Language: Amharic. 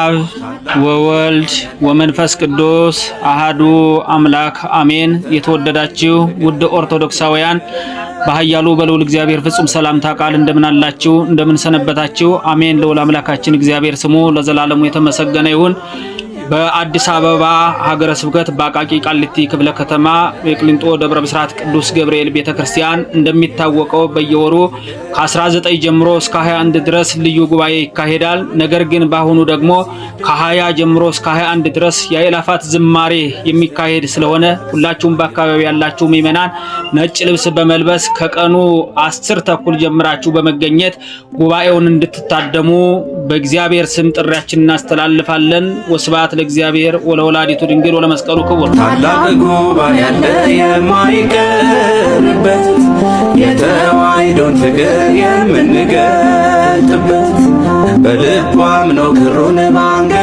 አብ ወወልድ ወመንፈስ ቅዱስ አሃዱ አምላክ አሜን። የተወደዳችሁ ውድ ኦርቶዶክሳውያን በሃያሉ በልዑል እግዚአብሔር ፍጹም ሰላምታ ቃል እንደምን አላችሁ? እንደምን ሰነበታችሁ? አሜን። ልዑል አምላካችን እግዚአብሔር ስሙ ለዘላለሙ የተመሰገነ ይሁን። በአዲስ አበባ ሀገረ ስብከት በአቃቂ ቃሊቲ ክፍለ ከተማ የቅሊንጦ ደብረ ብስራት ቅዱስ ገብርኤል ቤተ ክርስቲያን እንደሚታወቀው በየወሩ ከ19 ጀምሮ እስከ 21 ድረስ ልዩ ጉባኤ ይካሄዳል። ነገር ግን በአሁኑ ደግሞ ከ20 ጀምሮ እስከ 21 ድረስ የአእላፋት ዝማሬ የሚካሄድ ስለሆነ ሁላችሁም በአካባቢ ያላችሁ ምእመናን ነጭ ልብስ በመልበስ ከቀኑ አስር ተኩል ጀምራችሁ በመገኘት ጉባኤውን እንድትታደሙ በእግዚአብሔር ስም ጥሪያችን እናስተላልፋለን። ወስብሐት ለእግዚአብሔር ወለወላዲቱ ድንግል ወለመስቀሉ ክቡር። ታላቅ ጉባኤ ያለ የማይቀርበት የተዋሕዶን ፍቅር የምንገልጥበት በልቧም ነው ክሩን ማንገ